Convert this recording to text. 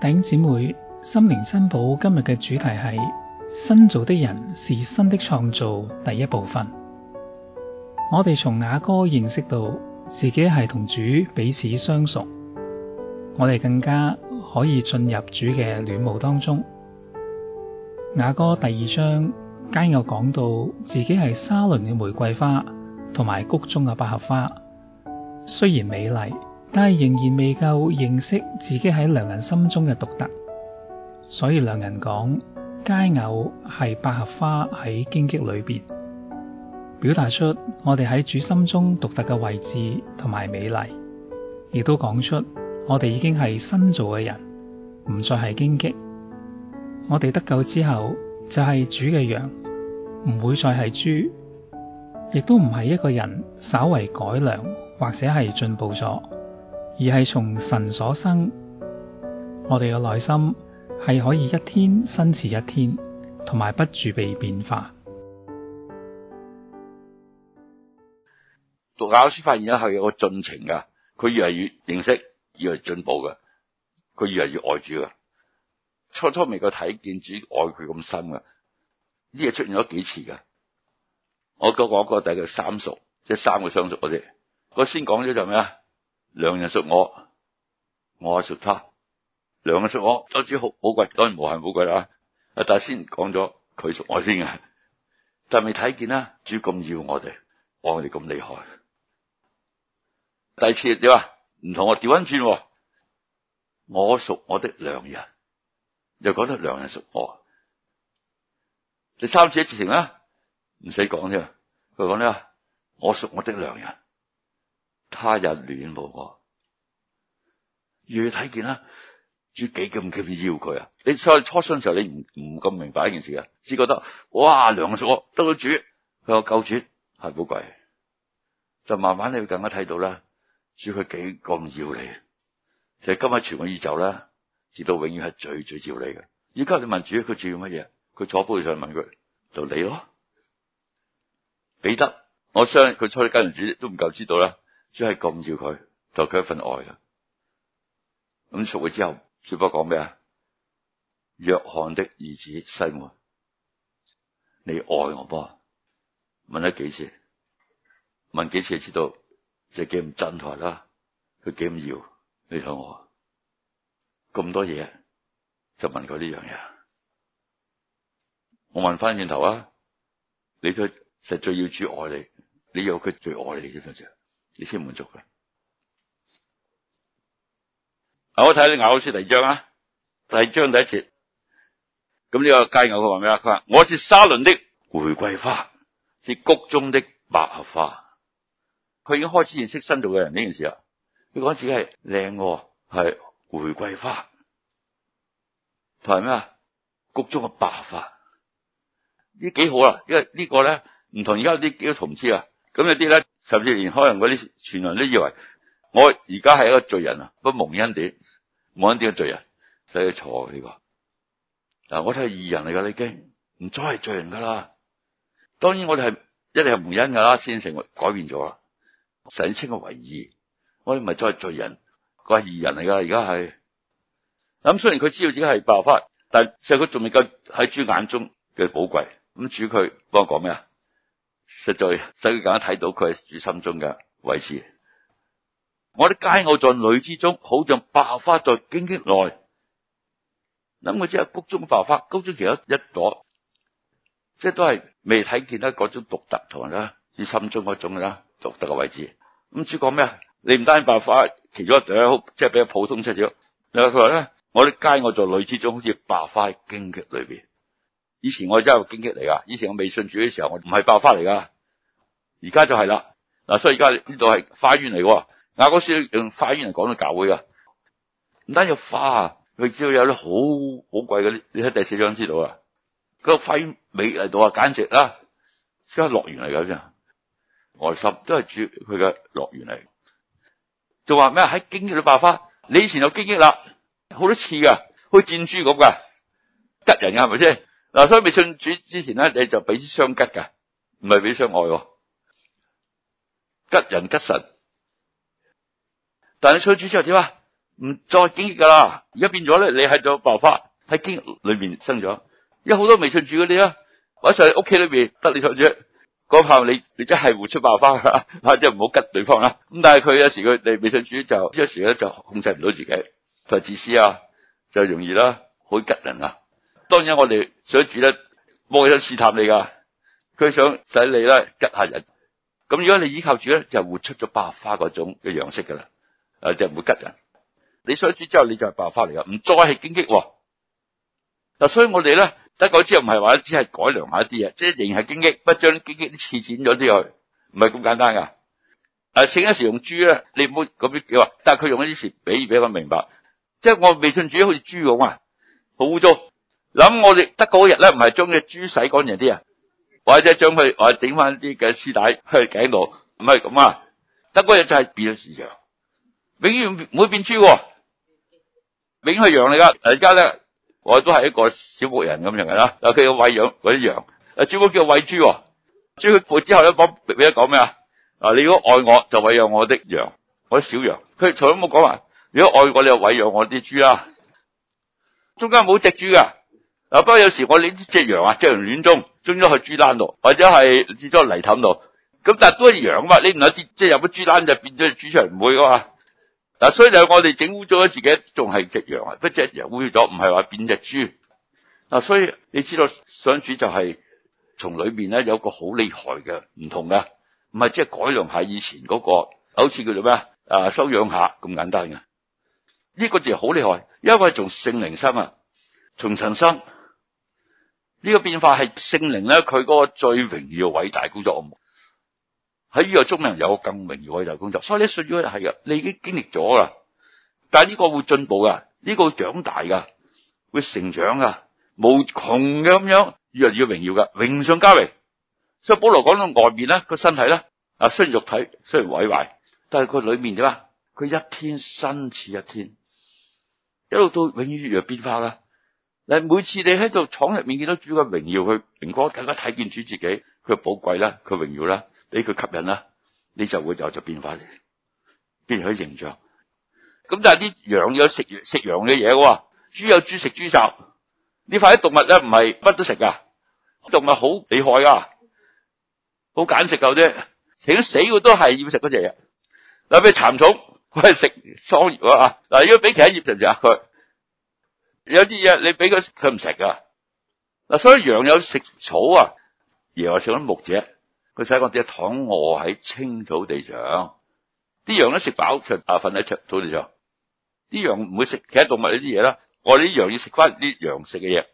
弟兄姊妹心靈珍寶，今日嘅主題係新造的人是新的創造第一部分。我哋從雅歌認識到自己係同主彼此相屬，我哋更加可以進入主嘅戀慕當中。雅歌第二章，皆有講到自己係沙崙嘅玫瑰花，同埋谷中嘅百合花，雖然美麗。但係仍然未夠認識自己喺良人心中嘅獨特，所以良人講：佳偶係百合花喺荊棘裏邊，表達出我哋喺主心中獨特嘅位置同埋美麗，亦都講出我哋已經係新造嘅人，唔再係荊棘。我哋得救之後就係主嘅羊，唔會再係豬，亦都唔係一個人稍為改良或者係進步咗，而係從神所生，我哋嘅內心係可以一天新似一天，同埋不住被變化。讀教書發現咗係有一個進程噶，佢越嚟越認識，越來越進步噶，佢越嚟越愛主噶。初初未夠睇見主愛佢咁深噶，呢嘢出現咗幾次噶？我講講第一個大三屬，即係三個相熟嗰啲。我先講咗就咩啊？良人屬我，我屬他。良人屬我，主好貴，當然無限寶貴啦。阿大師講咗，佢屬我先啊，但係未睇見啦，主咁要我哋，我哋咁厲害。第二次點啊？唔同啊，調翻轉，我屬我的良人，又覺得良人屬我。第三次一詞停啦，唔使講啫。佢講咩，我屬我的良人。他日暖我，越睇見啦，主幾咁要佢啊？你所以初信嘅時候你，你唔唔咁明白一件事啊，只覺得哇涼我得個主，佢話救主係寶貴，就慢慢你更加睇到啦，主佢幾咁要你，其實今日全個宇宙呢，直到永遠係最最要你嘅。而家你問主，佢主要乜嘢？佢坐杯上問佢，就你咯，彼得，我相信佢初啲跟住主都唔夠知道啦。只係咁要佢，就佢一份愛啊。咁熟咗之後，主僕講咩啊？約翰的兒子，西門，你愛我不？問咗幾次？問幾次就知道？就幾唔震台啦。佢幾唔要你向我咁多嘢，就問佢呢樣嘢。我問翻轉頭啊，你都實在要主愛你，你有佢最愛你啫，多你先滿足嘅。嗱，我睇你咬好似第二章啊，第二章第一節。咁呢個佳偶佢話咩啊？佢話我是沙崙的玫瑰花，是谷中的百合花。佢已經開始認識新造嘅人呢件事啊。佢講自己係靚我，係玫瑰花，同埋咩啊？谷中嘅百合花。呢幾好啊，因為呢個咧唔同而家啲幾多同知啊。咁有啲咧，甚至連可能嗰啲傳人，都以為我而家係一個罪人啊，不蒙恩典，蒙恩點嘅罪人，使佢坐呢、這個。嗱、啊，我睇係義人嚟噶，你驚唔再係罪人噶啦？當然我哋係一定係蒙恩噶啦，先成為改變咗啦，想稱佢為義，我哋唔再係罪人，佢係義人嚟噶，而家係。咁、啊、雖然佢知道自己係百合花，但係佢仲未夠喺主眼中嘅寶貴。咁主佢幫我講咩啊？實在，所以而家睇到佢係主心中嘅位置。我啲佳偶在女子中，好像百合花在荊棘內。諗佢即係谷中嘅，百合花，谷中其中一朵，即係都係未睇見得嗰種獨特同埋啦，主心中嗰種啦，獨特嘅位置。咁主講咩啊？你唔單止百合花，其中一朵即係比較普通出你又佢話咧，我啲佳偶在女子中，好似百合花喺荊棘裏邊。以前我真係荊棘嚟噶。以前我未信主嘅時候，我唔係百合花嚟噶。而家就係啦嗱，所以而家呢度係花園嚟。嗱，嗰時用花園嚟講到教會噶，唔單要花，佢只要有啲好好貴嘅，你喺第四章知道啊。那個花園美麗到啊，簡直啊，即係樂園嚟嘅啫。內心都係住佢嘅樂園嚟，就話咩喺荊棘嘅百合花。你以前有荊棘啦，好多刺噶，好似箭豬咁噶，拮人噶係咪先？是不是嗱，所以微信主之前咧，你就俾雙吉嘅，唔係俾雙愛喎，吉人吉神。但係你信主之後點啊？唔再經營噶啦，而家變咗咧，你喺度爆發，喺經裏邊生咗。因為好多微信主嗰啲咧，或者上喺屋企裏邊得你信主，嗰下你你真係無出爆發啦，或者唔好吉對方啦。咁但係佢有時佢嚟微信主就有時咧就控制唔到自己，就自私啊，就容易啦，好吉人啊。當然，我哋想住咧，冇人想試探你㗎。佢想使你咧吉下人。咁如果你依靠住咧，就活出咗百合花嗰種嘅樣式㗎啦。誒，就唔會吉人。你想住之後，你就係百合花嚟㗎，唔再係荊棘。嗱，所以我哋咧得之後，唔係話只係改良下啲嘢，即係仍係荊棘，不將啲荊棘刺剪咗啲去，唔係咁簡單㗎。誒，一時用豬咧，你唔好咁叫話，但係佢用一啲時比比翻明白，即係我未信主好似豬咁啊，好污糟。諗我哋得嗰日咧，唔係將隻豬洗乾淨啲啊，或者將佢我整翻啲嘅絲帶去佢頸度，唔係咁啊。得嗰日就係變咗羊，永遠唔會變豬，永遠係羊嚟噶。而家咧，我都係一個小牧人咁樣噶啦。啊，佢要餵養嗰啲羊，啊主公叫餵豬，豬佢背之後咧講俾一講咩啊？啊，你如果愛我就餵養我啲羊，我啲小羊。佢從冇講話，如果愛我你就餵養我啲豬呀。中間冇隻豬噶。不過有時我呢隻羊啊，隻羊亂中，中咗去豬欄度，或者係跌咗泥氹度，咁但係都係羊嘛，你唔係即係入咗豬欄就變咗豬出嚟唔會噶嘛？嗱，所以就係我哋整污咗自己，仲係隻羊啊，不隻羊污咗，唔係話變隻豬。嗱，所以你知道相處就係從裏面咧有個好厲害嘅唔同嘅，唔係即係改良下以前嗰個，好似叫做咩啊，收養下咁簡單嘅。呢個字好厲害，因為從聖靈生啊，從神生。呢、這個變化係聖靈咧，佢嗰個最榮耀的偉大工作。喺呢個中，人有個更榮耀的偉大工作。所以你信咗係噶，你已經經歷咗啦。但係呢個會進步噶，呢、這個會長大噶，會成長噶，無窮嘅咁樣，越嚟越榮耀噶，榮上加榮。所以保羅講到外面咧，個身體咧，啊雖然肉體雖然毀壞，但係佢裏面點啊？佢一天新似一天，一路到永遠越嚟變化啦。嗱，每次你喺度廠入面見到主嘅榮耀，佢明哥更加睇見主自己，佢寶貴啦，佢榮耀啦，俾佢吸引啦，你就會走出變化，嚟,變成佢形象。咁但係啲羊，吃吃羊豬有食食羊嘅嘢嘅喎，豬有豬食豬雜，呢塊啲動物咧唔係乜都食噶，動物好厲害噶，好揀食噶啫，死嘅都係要食嗰隻嘢。嗱，譬如蠶蟲，佢係食桑葉啊，嗱，如果俾其他葉，就唔夾佢。有啲嘢你俾佢佢唔食噶，嗱，所以羊有食草啊，而我食咗牧者，佢使我只躺臥喺青草地上，啲羊咧食飽就啊瞓喺草地上，啲羊唔會食其他動物呢啲嘢啦，我哋啲羊要食翻啲羊食嘅嘢。